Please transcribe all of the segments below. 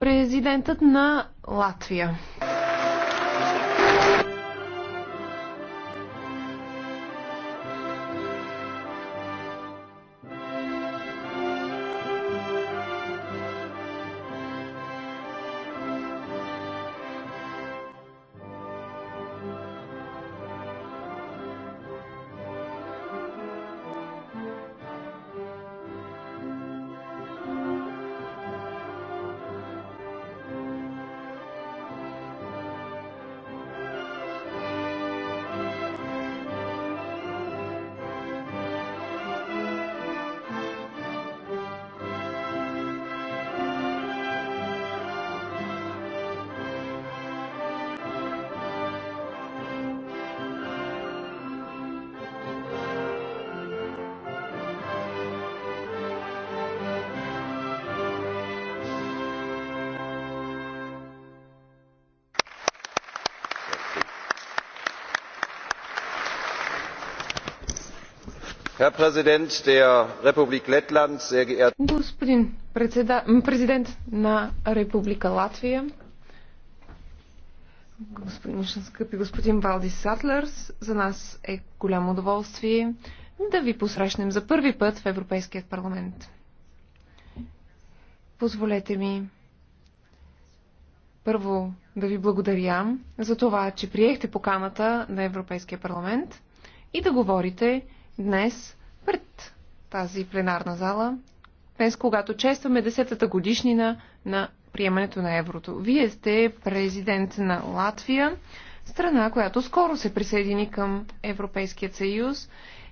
президентът на Латвия. Господин президент на Република Латвия, господин скъпи господин Валдис Сатлерс, за нас е голямо удоволствие да ви посрещнем за първи път в Европейския парламент. Позволете ми първо да ви благодаря за това, че приехте поканата на Европейския парламент и да говорите днес пред тази пленарна зала, днес когато честваме 10-та годишнина на приемането на еврото. Вие сте президент на Латвия, страна, която скоро се присъедини към Европейският съюз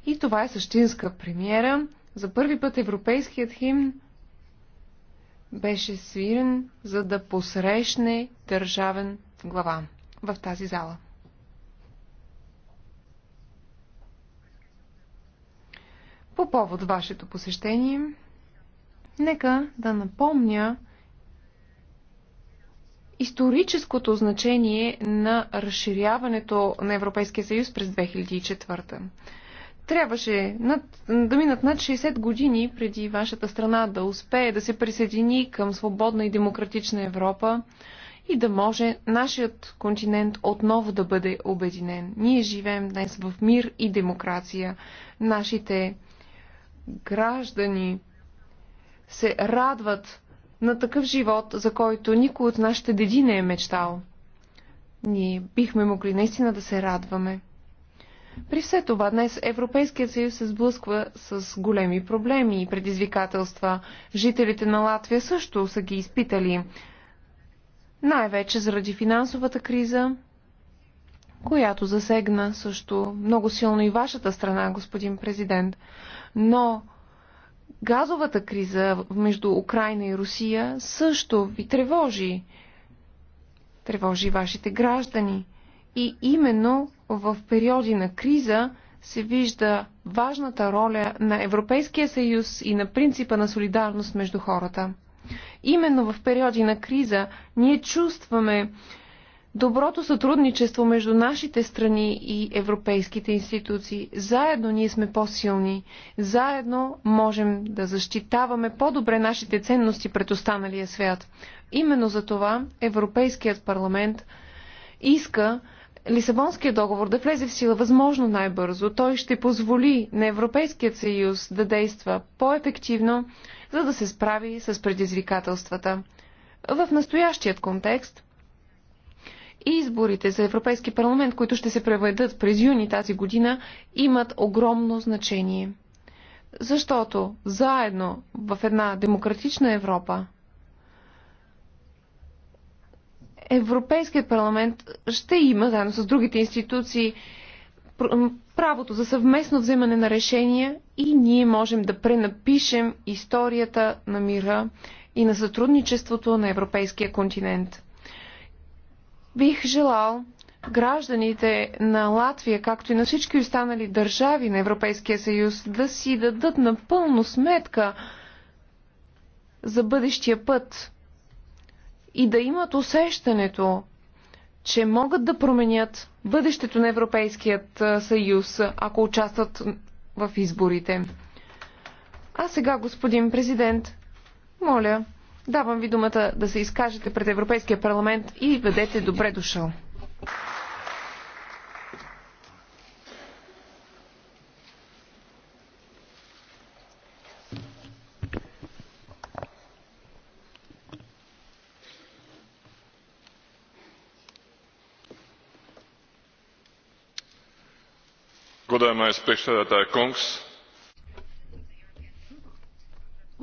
и това е същинска премиера. За първи път европейският химн беше свирен, за да посрещне държавен глава в тази зала. По повод вашето посещение, нека да напомня историческото значение на разширяването на Европейския съюз през 2004 трябваше над, да минат над 60 години преди вашата страна да успее да се присъедини към свободна и демократична Европа и да може нашият континент отново да бъде обединен. Ние живеем днес в мир и демокрация. Нашите граждани се радват на такъв живот, за който никой от нашите деди не е мечтал. Ние бихме могли наистина да се радваме. При все това днес Европейският съюз се сблъсква с големи проблеми и предизвикателства. Жителите на Латвия също са ги изпитали. Най-вече заради финансовата криза, която засегна също много силно и вашата страна, господин президент. Но газовата криза между Украина и Русия също ви тревожи. Тревожи вашите граждани. И именно в периоди на криза се вижда важната роля на Европейския съюз и на принципа на солидарност между хората. Именно в периоди на криза ние чувстваме доброто сътрудничество между нашите страни и европейските институции. Заедно ние сме по-силни, заедно можем да защитаваме по-добре нашите ценности пред останалия свят. Именно за това Европейският парламент иска Лисабонския договор да влезе в сила възможно най-бързо. Той ще позволи на Европейският съюз да действа по-ефективно, за да се справи с предизвикателствата. В настоящият контекст изборите за Европейски парламент, които ще се преведат през юни тази година, имат огромно значение. Защото заедно в една демократична Европа Европейският парламент ще има, заедно с другите институции, правото за съвместно вземане на решения и ние можем да пренапишем историята на мира и на сътрудничеството на европейския континент. Бих желал гражданите на Латвия, както и на всички останали държави на Европейския съюз, да си дадат напълно сметка за бъдещия път и да имат усещането, че могат да променят бъдещето на Европейският съюз, ако участват в изборите. А сега, господин президент, моля Давам ви думата да се изкажете пред Европейския парламент и бъдете добре дошъл. Godājamais priekšsēdētāja kungs,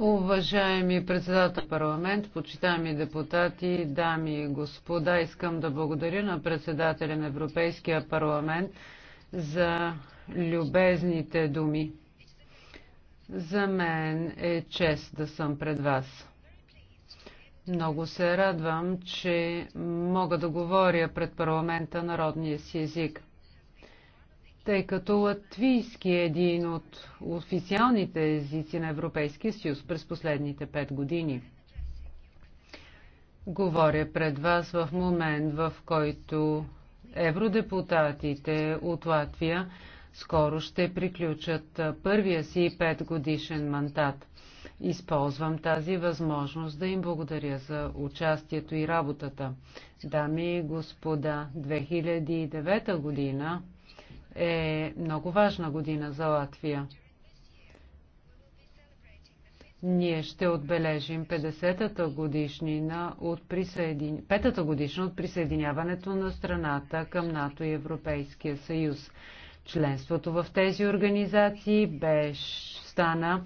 Уважаеми председател парламент, почитаеми депутати, дами и господа, искам да благодаря на председателя на Европейския парламент за любезните думи. За мен е чест да съм пред вас. Много се радвам, че мога да говоря пред парламента народния си език тъй като латвийски е един от официалните езици на Европейския съюз през последните пет години. Говоря пред вас в момент, в който евродепутатите от Латвия скоро ще приключат първия си петгодишен мандат. Използвам тази възможност да им благодаря за участието и работата. Дами и господа, 2009 година е много важна година за Латвия. Ние ще отбележим 50-та годишнина от присъедин... 5-та годишна от присъединяването на страната към НАТО и Европейския съюз. Членството в тези организации беше стана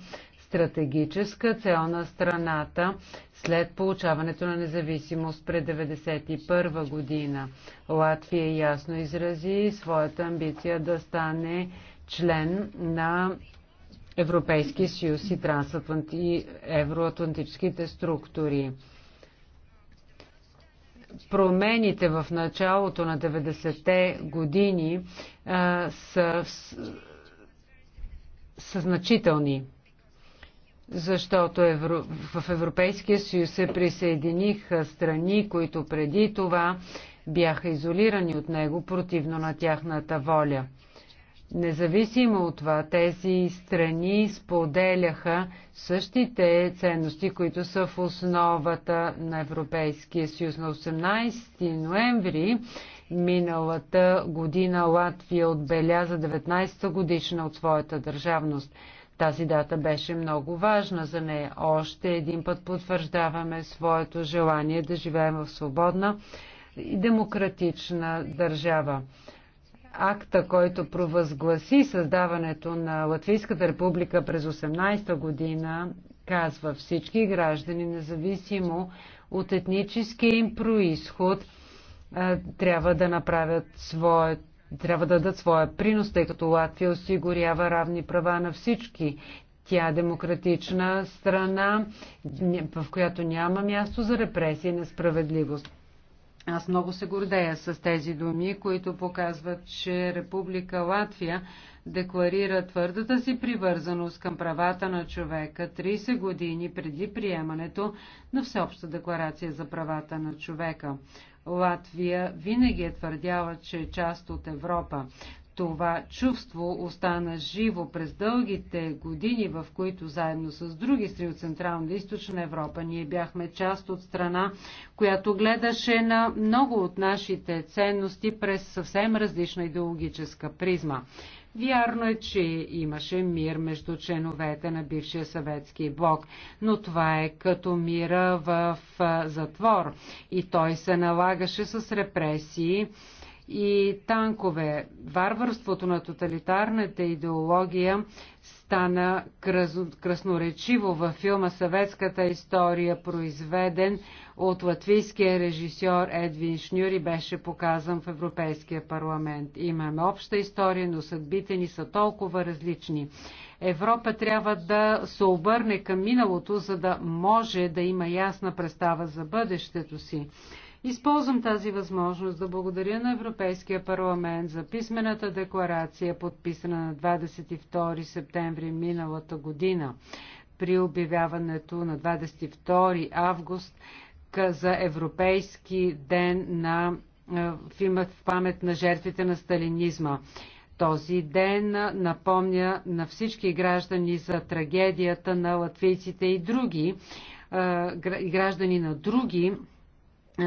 стратегическа цел на страната след получаването на независимост пред 1991 година. Латвия ясно изрази своята амбиция да стане член на Европейския съюз и, и евроатлантическите структури. Промените в началото на 90-те години а, са, са значителни защото Евро... в Европейския съюз се присъединиха страни, които преди това бяха изолирани от него противно на тяхната воля. Независимо от това, тези страни споделяха същите ценности, които са в основата на Европейския съюз. На 18 ноември миналата година Латвия отбеляза 19-та годишна от своята държавност. Тази дата беше много важна за нея. Още един път потвърждаваме своето желание да живеем в свободна и демократична държава. Акта, който провъзгласи създаването на Латвийската република през 18-та година, казва всички граждани, независимо от етническия им происход, трябва да направят своето трябва да дадат своя принос, тъй като Латвия осигурява равни права на всички. Тя е демократична страна, в която няма място за репресия и несправедливост. Аз много се гордея с тези думи, които показват, че Република Латвия декларира твърдата си привързаност към правата на човека 30 години преди приемането на Всеобща декларация за правата на човека. Латвия винаги е твърдяла, че е част от Европа. Това чувство остана живо през дългите години, в които заедно с други страни от Централна и Източна Европа ние бяхме част от страна, която гледаше на много от нашите ценности през съвсем различна идеологическа призма. Вярно е, че имаше мир между членовете на бившия съветски блок, но това е като мира в затвор и той се налагаше с репресии и танкове. Варварството на тоталитарната идеология стана красноречиво във филма Съветската история, произведен от латвийския режисьор Едвин Шнюри, беше показан в Европейския парламент. Имаме обща история, но съдбите ни са толкова различни. Европа трябва да се обърне към миналото, за да може да има ясна представа за бъдещето си. Използвам тази възможност да благодаря на Европейския парламент за писмената декларация, подписана на 22 септември миналата година при обявяването на 22 август за Европейски ден на е, в памет на жертвите на сталинизма. Този ден напомня на всички граждани за трагедията на латвийците и други е, граждани на други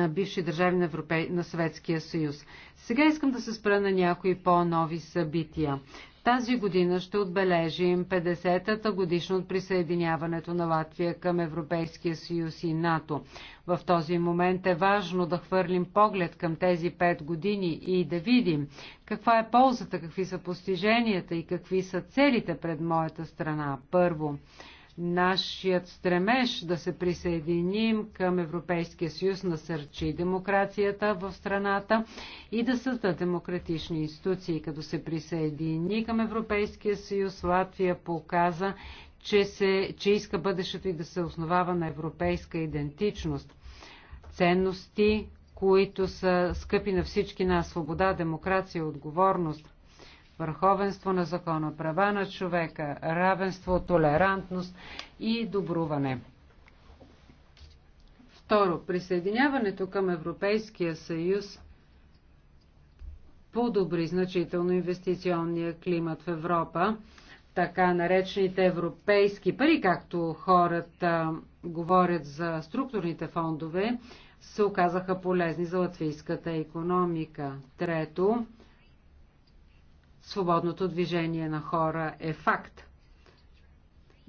бивши държави на, Европе... на Съветския съюз. Сега искам да се спра на някои по-нови събития. Тази година ще отбележим 50-та годишно от присъединяването на Латвия към Европейския съюз и НАТО. В този момент е важно да хвърлим поглед към тези 5 години и да видим каква е ползата, какви са постиженията и какви са целите пред моята страна. Първо, Нашият стремеж да се присъединим към Европейския съюз насърчи демокрацията в страната и да създаде демократични институции. Като се присъедини към Европейския съюз, Латвия показа, че, се, че иска бъдещето и да се основава на европейска идентичност. Ценности, които са скъпи на всички нас – свобода, демокрация, отговорност – върховенство на закона, права на човека, равенство, толерантност и добруване. Второ, присъединяването към Европейския съюз подобри значително инвестиционния климат в Европа, така наречените европейски пари, както хората говорят за структурните фондове, се оказаха полезни за латвийската економика. Трето, свободното движение на хора е факт.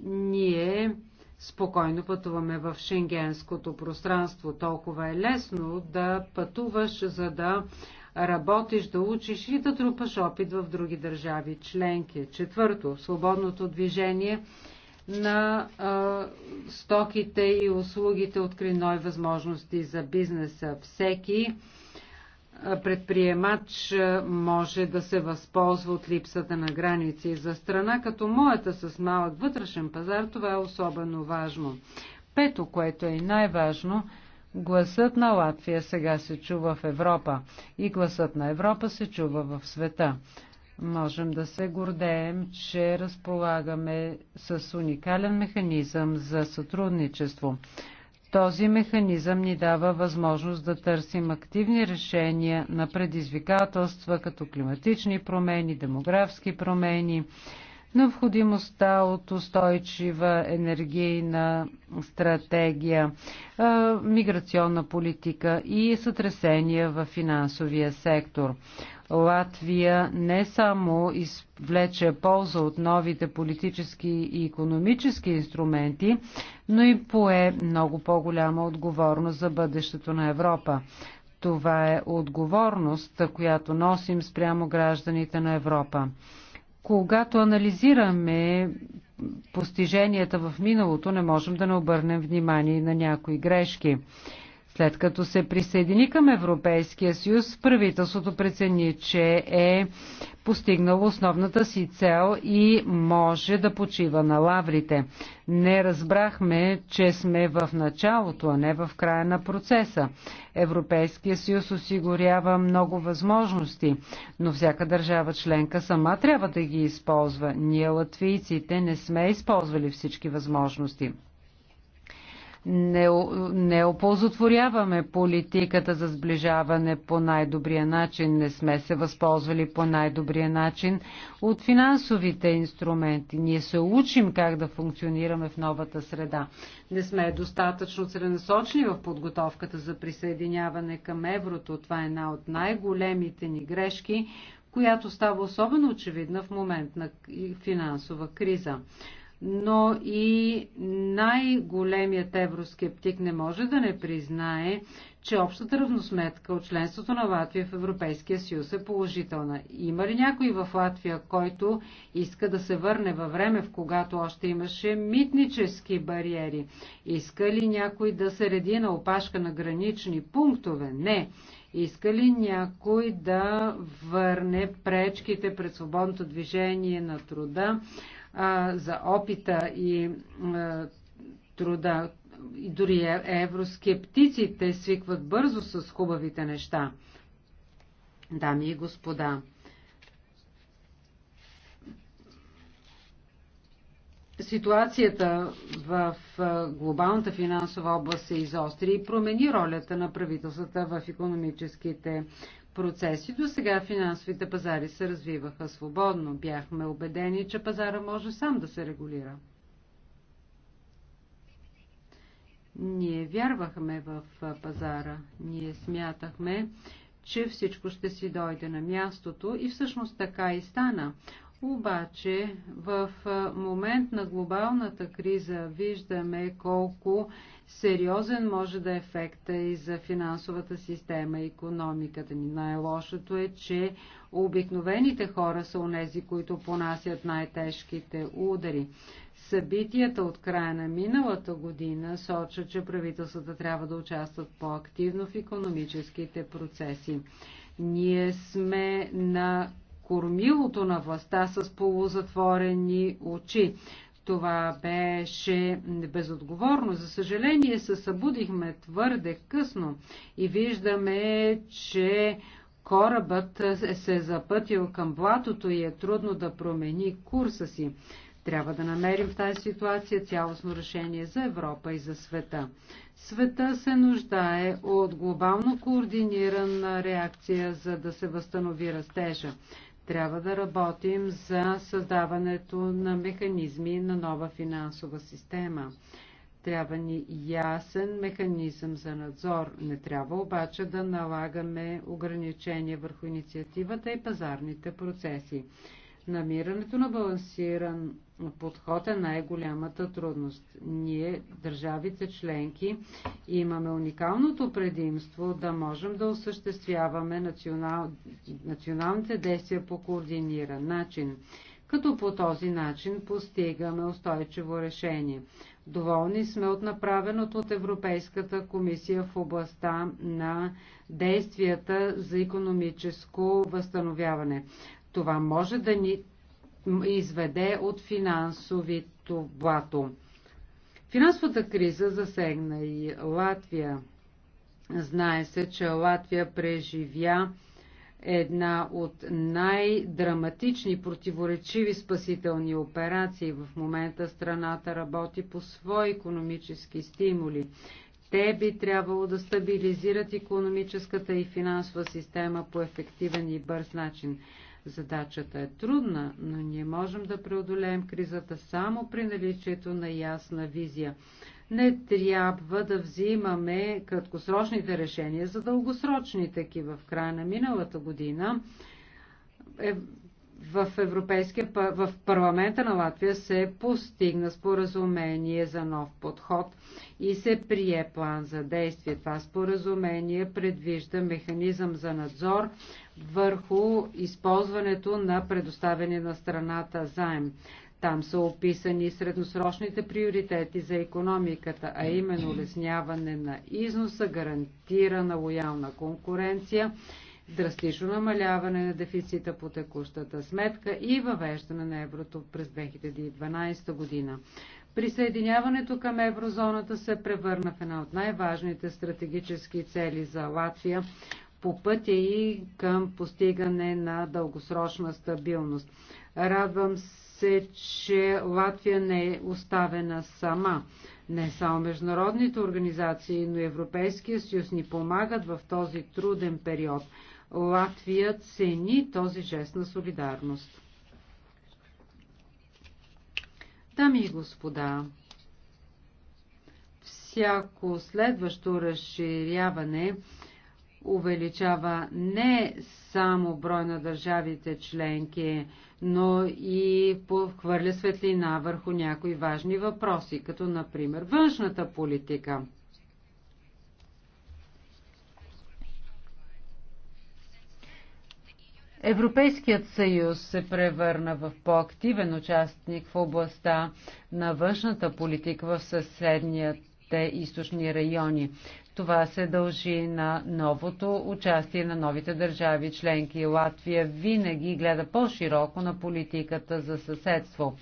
Ние спокойно пътуваме в шенгенското пространство. Толкова е лесно да пътуваш, за да работиш, да учиш и да трупаш опит в други държави членки. Четвърто, свободното движение на а, стоките и услугите откри нови възможности за бизнеса. Всеки предприемач е, може да се възползва от липсата на граници. За страна като моята с малък вътрешен пазар това е особено важно. Пето, което е най-важно, гласът на Латвия сега се чува в Европа и гласът на Европа се чува в света. Можем да се гордеем, че разполагаме с уникален механизъм за сътрудничество. Този механизъм ни дава възможност да търсим активни решения на предизвикателства като климатични промени, демографски промени, необходимостта от устойчива енергийна стратегия, миграционна политика и сътресения в финансовия сектор. Латвия не само извлече полза от новите политически и економически инструменти, но и пое много по-голяма отговорност за бъдещето на Европа. Това е отговорност, която носим спрямо гражданите на Европа. Когато анализираме постиженията в миналото, не можем да не обърнем внимание на някои грешки. След като се присъедини към Европейския съюз, правителството прецени, че е постигнало основната си цел и може да почива на лаврите. Не разбрахме, че сме в началото, а не в края на процеса. Европейския съюз осигурява много възможности, но всяка държава членка сама трябва да ги използва. Ние, латвийците, не сме използвали всички възможности не, не оползотворяваме политиката за сближаване по най-добрия начин, не сме се възползвали по най-добрия начин от финансовите инструменти. Ние се учим как да функционираме в новата среда. Не сме достатъчно целенасочни в подготовката за присъединяване към еврото. Това е една от най-големите ни грешки, която става особено очевидна в момент на финансова криза но и най-големият евроскептик не може да не признае, че общата равносметка от членството на Латвия в Европейския съюз е положителна. Има ли някой в Латвия, който иска да се върне във време, в когато още имаше митнически бариери? Иска ли някой да се реди на опашка на гранични пунктове? Не. Иска ли някой да върне пречките пред свободното движение на труда? за опита и труда. И дори е, евроскептиците свикват бързо с хубавите неща. Дами и господа, ситуацията в глобалната финансова област се изостри и промени ролята на правителствата в економическите процеси. До сега финансовите пазари се развиваха свободно. Бяхме убедени, че пазара може сам да се регулира. Ние вярвахме в пазара. Ние смятахме, че всичко ще си дойде на мястото и всъщност така и стана. Обаче в момент на глобалната криза виждаме колко сериозен може да е ефекта и за финансовата система и економиката ни. Най-лошото е, че обикновените хора са онези, които понасят най-тежките удари. Събитията от края на миналата година сочат, че правителствата трябва да участват по-активно в економическите процеси. Ние сме на кормилото на властта с полузатворени очи. Това беше безотговорно. За съжаление се събудихме твърде късно и виждаме, че корабът се е запътил към блатото и е трудно да промени курса си. Трябва да намерим в тази ситуация цялостно решение за Европа и за света. Света се нуждае от глобално координирана реакция, за да се възстанови растежа. Трябва да работим за създаването на механизми на нова финансова система. Трябва ни ясен механизъм за надзор. Не трябва обаче да налагаме ограничения върху инициативата и пазарните процеси. Намирането на балансиран подход е най-голямата трудност. Ние, държавите членки, имаме уникалното предимство да можем да осъществяваме национал... националните действия по координиран начин, като по този начин постигаме устойчиво решение. Доволни сме от направеното от Европейската комисия в областта на действията за економическо възстановяване. Това може да ни изведе от финансовито блато. Финансовата криза засегна и Латвия. Знае се, че Латвия преживя една от най-драматични противоречиви спасителни операции. В момента страната работи по свои економически стимули. Те би трябвало да стабилизират економическата и финансова система по ефективен и бърз начин. Задачата е трудна, но ние можем да преодолеем кризата само при наличието на ясна визия. Не трябва да взимаме краткосрочните решения за дългосрочни такива. В края на миналата година е в Европейския в парламента на Латвия се постигна споразумение за нов подход и се прие план за действие. Това споразумение предвижда механизъм за надзор върху използването на предоставяне на страната заем. Там са описани средносрочните приоритети за економиката, а именно улесняване на износа, гарантирана лоялна конкуренция драстично намаляване на дефицита по текущата сметка и въвеждане на еврото през 2012 година. Присъединяването към еврозоната се превърна в една от най-важните стратегически цели за Латвия по пътя и към постигане на дългосрочна стабилност. Радвам се, че Латвия не е оставена сама. Не само международните организации, но и Европейския съюз ни помагат в този труден период – Латвия цени този жест на солидарност. Дами и господа, всяко следващо разширяване увеличава не само брой на държавите членки, но и хвърля светлина върху някои важни въпроси, като например външната политика – Европейският съюз се превърна в по-активен участник в областта на външната политика в съседните източни райони. Това се дължи на новото участие на новите държави членки. Латвия винаги гледа по-широко на политиката за съседство.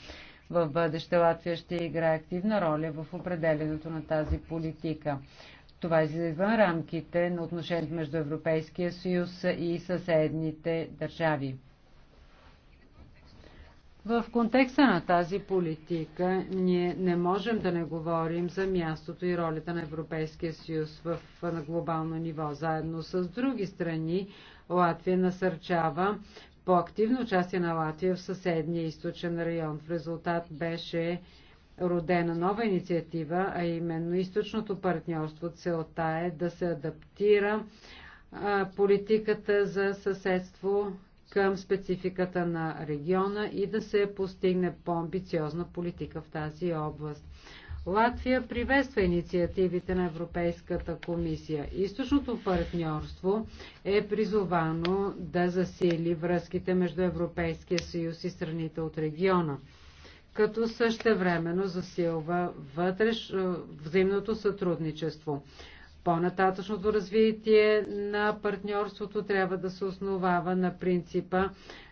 В бъдеще Латвия ще играе активна роля в определенето на тази политика. Това е извън рамките на отношението между Европейския съюз и съседните държави. В контекста на тази политика ние не можем да не говорим за мястото и ролята на Европейския съюз в, на глобално ниво. Заедно с други страни Латвия насърчава по-активно участие на Латвия в съседния източен район. В резултат беше родена нова инициатива, а именно източното партньорство. Целта е да се адаптира политиката за съседство към спецификата на региона и да се постигне по-амбициозна политика в тази област. Латвия приветства инициативите на Европейската комисия. Източното партньорство е призовано да засили връзките между Европейския съюз и страните от региона като същевременно засилва вътреш, взаимното сътрудничество. По-нататъчното развитие на партньорството трябва да се основава на принципа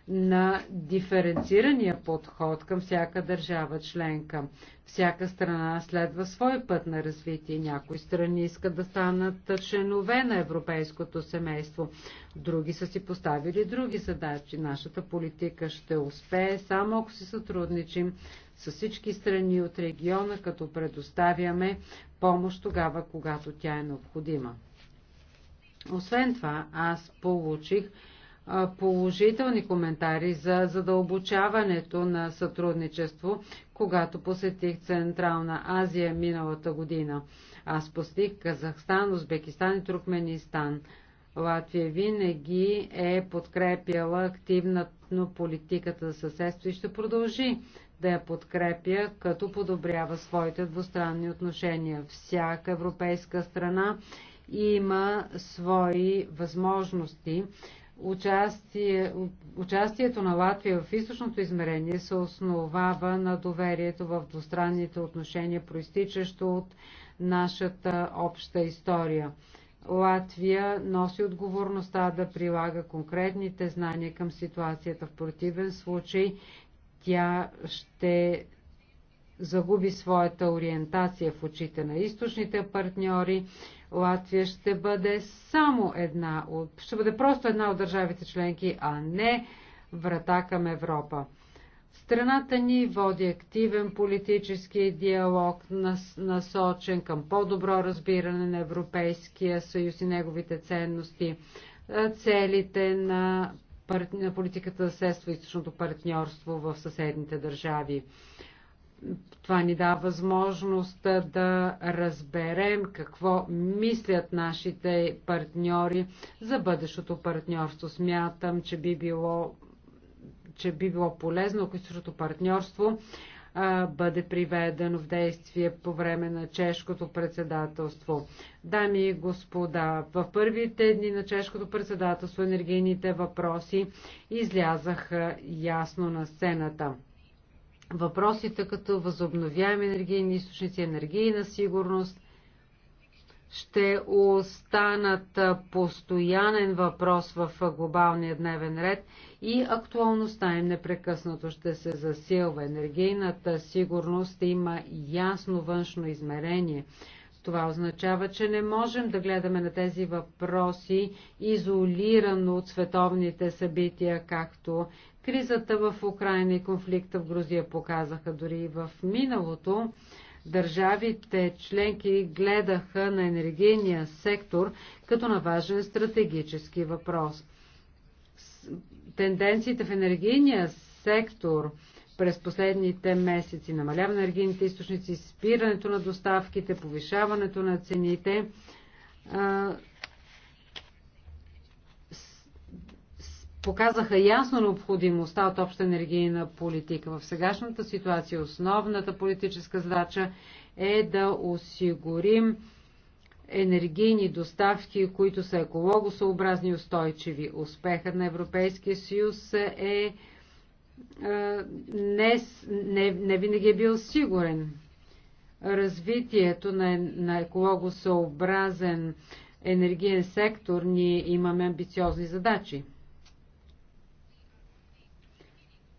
на диференцирания подход към всяка държава членка. Всяка страна следва свой път на развитие. Някои страни искат да станат членове на европейското семейство. Други са си поставили други задачи. Нашата политика ще успее само ако си сътрудничим с всички страни от региона, като предоставяме помощ тогава, когато тя е необходима. Освен това, аз получих положителни коментари за задълбочаването на сътрудничество, когато посетих Централна Азия миналата година. Аз посетих Казахстан, Узбекистан и Туркменистан. Латвия винаги е подкрепяла активно политиката за съседство и ще продължи да я подкрепя, като подобрява своите двустранни отношения. Всяка европейска страна има свои възможности. Участие, участието на Латвия в източното измерение се основава на доверието в двустранните отношения, проистичащо от нашата обща история. Латвия носи отговорността да прилага конкретните знания към ситуацията. В противен случай тя ще загуби своята ориентация в очите на източните партньори. Латвия ще бъде само една от, ще бъде просто една от държавите членки, а не врата към Европа. Страната ни води активен политически диалог, насочен към по-добро разбиране на Европейския съюз и неговите ценности, целите на на политиката за следство и източното партньорство в съседните държави. Това ни дава възможност да разберем какво мислят нашите партньори за бъдещото партньорство. Смятам, че би било, че би било полезно, ако източното партньорство бъде приведен в действие по време на чешкото председателство. Дами и господа, в първите дни на чешкото председателство енергийните въпроси излязаха ясно на сцената. Въпросите като възобновяеми енергийни източници, енергийна сигурност, ще останат постоянен въпрос в глобалния дневен ред и актуалността им непрекъснато ще се засилва. Енергийната сигурност има ясно външно измерение. Това означава, че не можем да гледаме на тези въпроси изолирано от световните събития, както кризата в Украина и конфликта в Грузия показаха дори в миналото Държавите членки гледаха на енергийния сектор като на важен стратегически въпрос. Тенденциите в енергийния сектор през последните месеци, намалява на енергийните източници, спирането на доставките, повишаването на цените, показаха ясно необходимостта от обща енергийна политика. В сегашната ситуация основната политическа задача е да осигурим енергийни доставки, които са екологосъобразни и устойчиви. Успехът на Европейския съюз е, е не, не, не винаги е бил сигурен. Развитието на, на екологосъобразен енергиен сектор, ние имаме амбициозни задачи.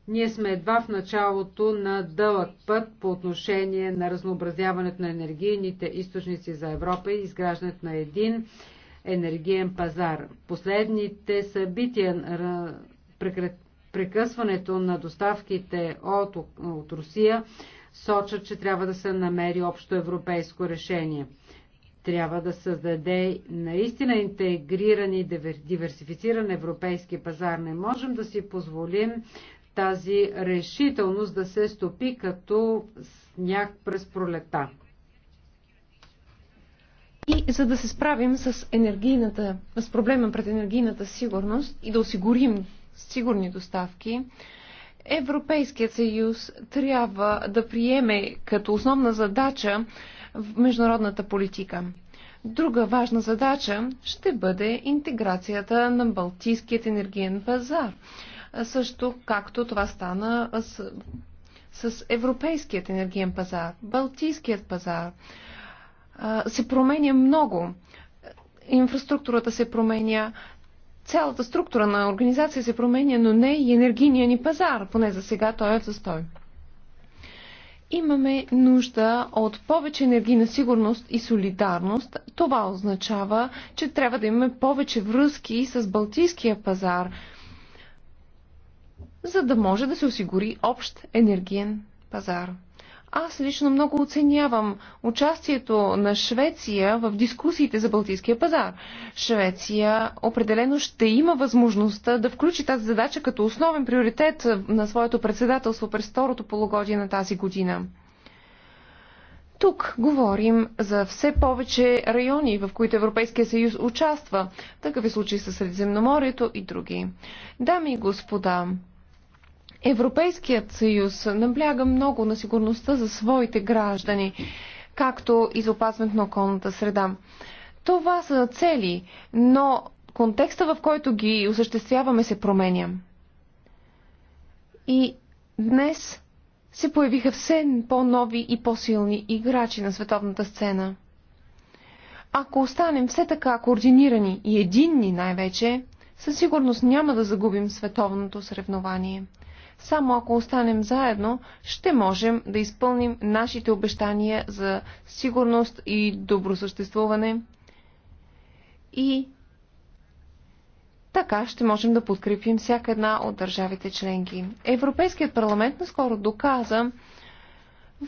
Ние сме едва в началото на дълъг път по отношение на разнообразяването на енергийните източници за Европа и изграждането на един енергиен пазар. Последните събития, прекъсването на доставките от, от Русия, сочат, че трябва да се намери общо европейско решение. Трябва да създаде наистина интегриран и диверсифициран европейски пазар. Не можем да си позволим тази решителност да се стопи като сняг през пролета. И за да се справим с, енергийната, с проблема пред енергийната сигурност и да осигурим сигурни доставки, Европейският съюз трябва да приеме като основна задача в международната политика. Друга важна задача ще бъде интеграцията на Балтийският енергиен пазар също както това стана с, с европейският енергиен пазар, балтийският пазар. Се променя много. Инфраструктурата се променя, цялата структура на организация се променя, но не и енергийния ни пазар, поне за сега той е в застой. Имаме нужда от повече енергийна сигурност и солидарност. Това означава, че трябва да имаме повече връзки с Балтийския пазар, за да може да се осигури общ енергиен пазар. Аз лично много оценявам участието на Швеция в дискусиите за Балтийския пазар. Швеция определено ще има възможността да включи тази задача като основен приоритет на своето председателство през второто полугодие на тази година. Тук говорим за все повече райони, в които Европейския съюз участва. Такъв е случай с Средиземноморието и други. Дами и господа, Европейският съюз набляга много на сигурността за своите граждани, както и за опазването на околната среда. Това са цели, но контекста, в който ги осъществяваме, се променя. И днес се появиха все по-нови и по-силни играчи на световната сцена. Ако останем все така координирани и единни най-вече, със сигурност няма да загубим световното съревнование – само ако останем заедно, ще можем да изпълним нашите обещания за сигурност и добро съществуване. И така ще можем да подкрепим всяка една от държавите членки. Европейският парламент наскоро доказа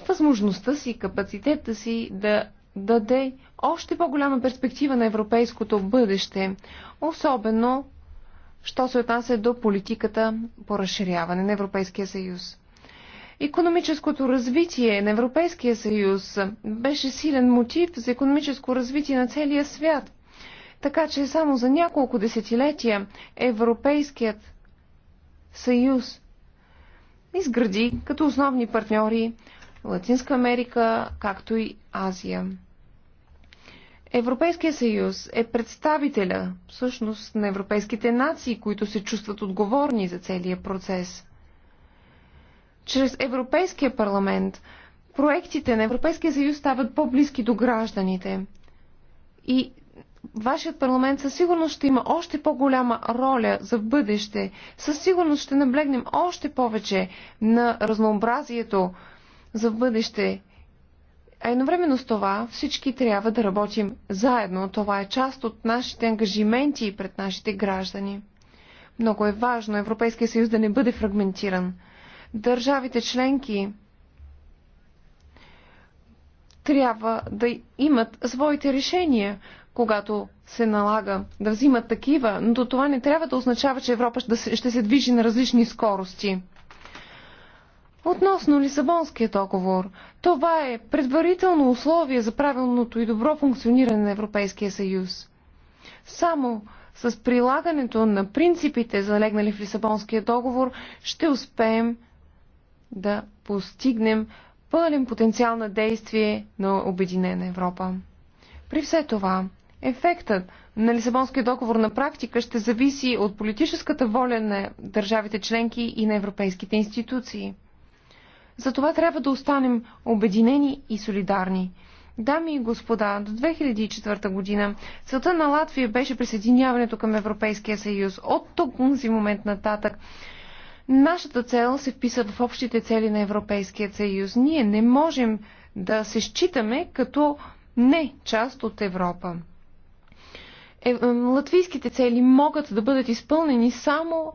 възможността си, капацитета си да даде още по-голяма перспектива на европейското бъдеще, особено що се отнася до политиката по разширяване на Европейския съюз. Економическото развитие на Европейския съюз беше силен мотив за економическо развитие на целия свят. Така че само за няколко десетилетия Европейският съюз изгради като основни партньори Латинска Америка, както и Азия. Европейския съюз е представителя, всъщност, на европейските нации, които се чувстват отговорни за целия процес. Чрез Европейския парламент проектите на Европейския съюз стават по-близки до гражданите. И вашият парламент със сигурност ще има още по-голяма роля за бъдеще. Със сигурност ще наблегнем още повече на разнообразието за бъдеще а едновременно с това всички трябва да работим заедно. Това е част от нашите ангажименти пред нашите граждани. Много е важно Европейския съюз да не бъде фрагментиран. Държавите членки трябва да имат своите решения, когато се налага да взимат такива, но това не трябва да означава, че Европа ще се движи на различни скорости. Относно Лисабонския договор, това е предварително условие за правилното и добро функциониране на Европейския съюз. Само с прилагането на принципите, залегнали в Лисабонския договор, ще успеем да постигнем пълен потенциал на действие на Обединена Европа. При все това, ефектът на Лисабонския договор на практика ще зависи от политическата воля на държавите членки и на европейските институции. Затова трябва да останем обединени и солидарни. Дами и господа, до 2004 година целта на Латвия беше присъединяването към Европейския съюз. От този момент нататък нашата цел се вписва в общите цели на Европейския съюз. Ние не можем да се считаме като не част от Европа. Е, е, латвийските цели могат да бъдат изпълнени само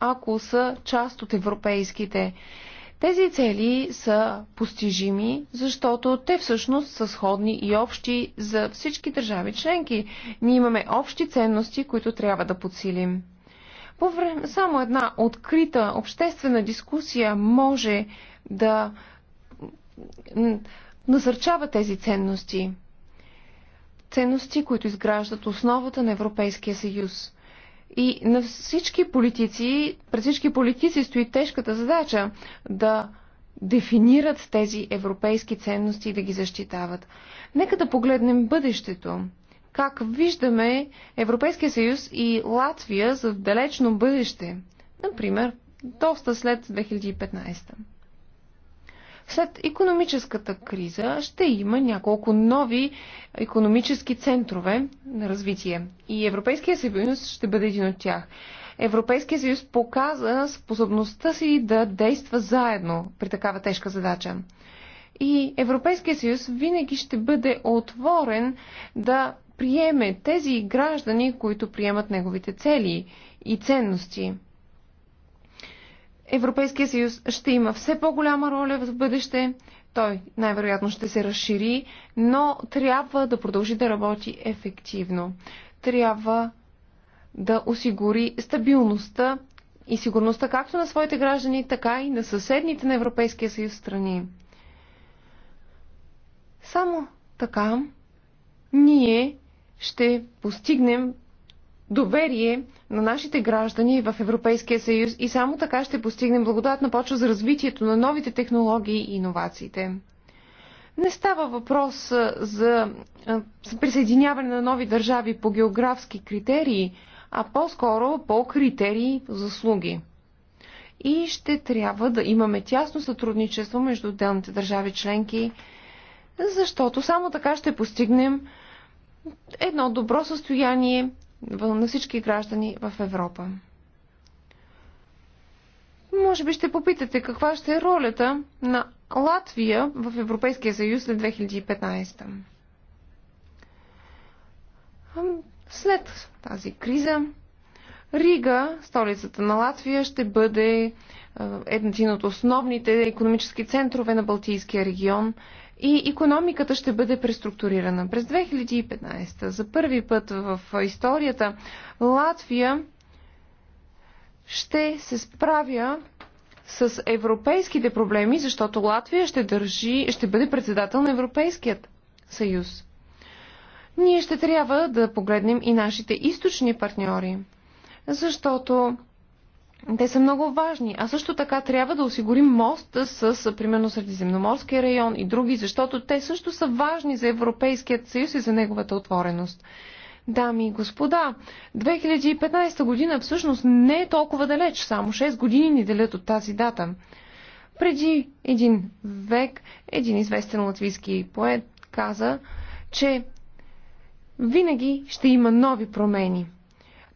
ако са част от европейските. Тези цели са постижими, защото те всъщност са сходни и общи за всички държави членки. Ние имаме общи ценности, които трябва да подсилим. По време, само една открита обществена дискусия може да насърчава тези ценности. Ценности, които изграждат основата на Европейския съюз. И на всички политици, пред всички политици стои тежката задача да дефинират тези европейски ценности и да ги защитават. Нека да погледнем бъдещето. Как виждаме Европейския съюз и Латвия за далечно бъдеще, например, доста след 2015. След економическата криза ще има няколко нови економически центрове на развитие и Европейския съюз ще бъде един от тях. Европейския съюз показа способността си да действа заедно при такава тежка задача. И Европейския съюз винаги ще бъде отворен да приеме тези граждани, които приемат неговите цели и ценности. Европейския съюз ще има все по-голяма роля в бъдеще. Той най-вероятно ще се разшири, но трябва да продължи да работи ефективно. Трябва да осигури стабилността и сигурността както на своите граждани, така и на съседните на Европейския съюз страни. Само така ние ще постигнем доверие на нашите граждани в Европейския съюз и само така ще постигнем благодатна почва за развитието на новите технологии и иновациите. Не става въпрос за присъединяване на нови държави по географски критерии, а по-скоро по критерии заслуги. И ще трябва да имаме тясно сътрудничество между отделните държави членки, защото само така ще постигнем едно добро състояние на всички граждани в Европа. Може би ще попитате каква ще е ролята на Латвия в Европейския съюз след 2015. След тази криза, Рига, столицата на Латвия, ще бъде един от основните економически центрове на Балтийския регион и економиката ще бъде преструктурирана. През 2015 за първи път в историята Латвия ще се справя с европейските проблеми, защото Латвия ще държи, ще бъде председател на Европейският съюз. Ние ще трябва да погледнем и нашите източни партньори, защото те са много важни. А също така трябва да осигурим мост с, примерно, Средиземноморския район и други, защото те също са важни за Европейският съюз и за неговата отвореност. Дами и господа, 2015 година всъщност не е толкова далеч, само 6 години ни делят от тази дата. Преди един век един известен латвийски поет каза, че винаги ще има нови промени –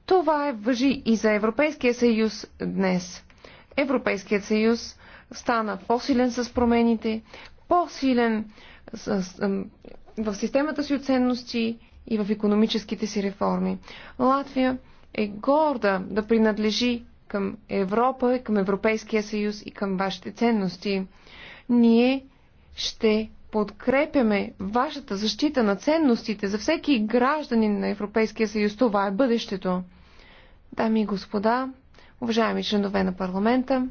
това е въжи и за Европейския съюз днес. Европейският съюз стана по-силен с промените, по-силен в системата си от ценности и в економическите си реформи. Латвия е горда да принадлежи към Европа, към Европейския съюз и към вашите ценности. Ние ще подкрепяме вашата защита на ценностите за всеки гражданин на Европейския съюз. Това е бъдещето. Дами и господа, уважаеми членове на парламента,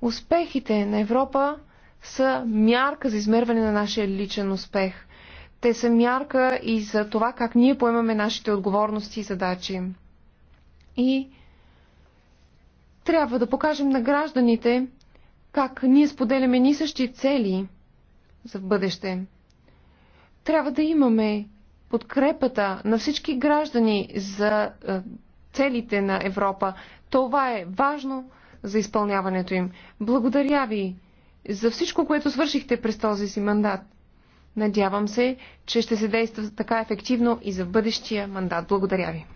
успехите на Европа са мярка за измерване на нашия личен успех. Те са мярка и за това как ние поемаме нашите отговорности и задачи. И трябва да покажем на гражданите как ние споделяме ни същи цели за в бъдеще. Трябва да имаме подкрепата на всички граждани за е, целите на Европа. Това е важно за изпълняването им. Благодаря ви за всичко, което свършихте през този си мандат. Надявам се, че ще се действа така ефективно и за бъдещия мандат. Благодаря ви.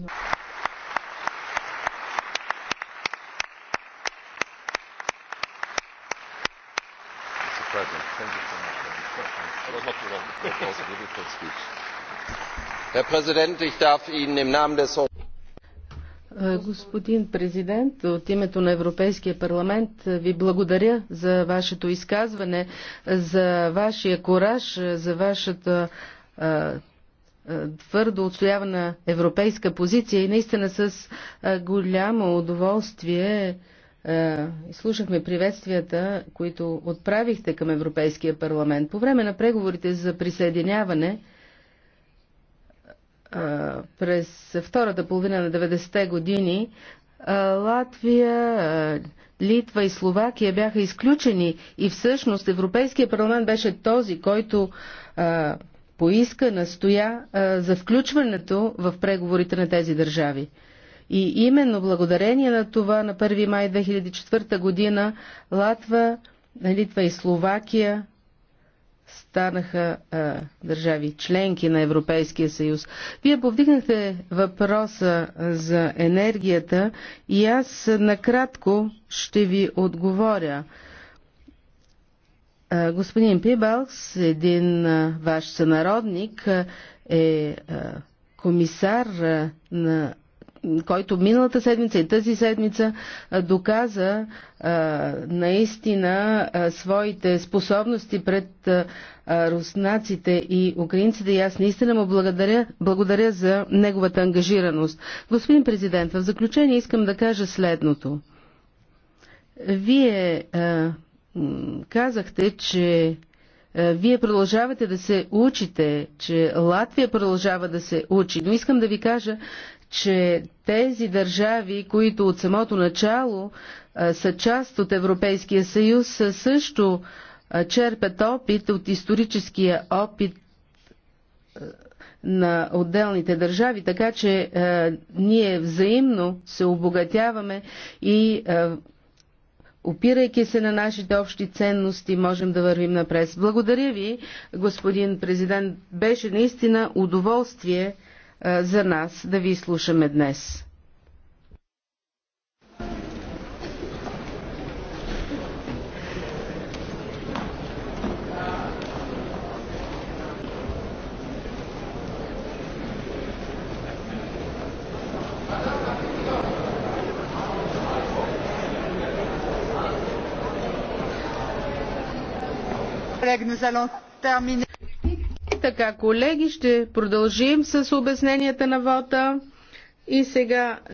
No. Господин президент, от името на Европейския парламент е, ви благодаря за вашето изказване, за вашия кораж, е, за вашата е, твърдо отстоявана европейска позиция и наистина с голямо удоволствие е, слушахме приветствията, които отправихте към Европейския парламент. По време на преговорите за присъединяване е, през втората половина на 90-те години е, Латвия, Литва и Словакия бяха изключени и всъщност Европейския парламент беше този, който поиска, настоя за включването в преговорите на тези държави. И именно благодарение на това на 1 май 2004 година Латва, Литва и Словакия станаха а, държави членки на Европейския съюз. Вие повдигнахте въпроса за енергията и аз накратко ще ви отговоря. А, господин Пибалс, един а, ваш сънародник, е а, комисар а, на който миналата седмица и тази седмица доказа наистина своите способности пред руснаците и украинците. И аз наистина му благодаря, благодаря за неговата ангажираност. Господин президент, в заключение искам да кажа следното. Вие казахте, че вие продължавате да се учите, че Латвия продължава да се учи, но искам да ви кажа, че тези държави, които от самото начало са част от Европейския съюз, също черпят опит от историческия опит на отделните държави, така че ние взаимно се обогатяваме и опирайки се на нашите общи ценности, можем да вървим напред. Благодаря ви, господин президент. Беше наистина удоволствие за нас да ви слушаме днес. nous allons terminer така, колеги, ще продължим с обясненията на вота. И сега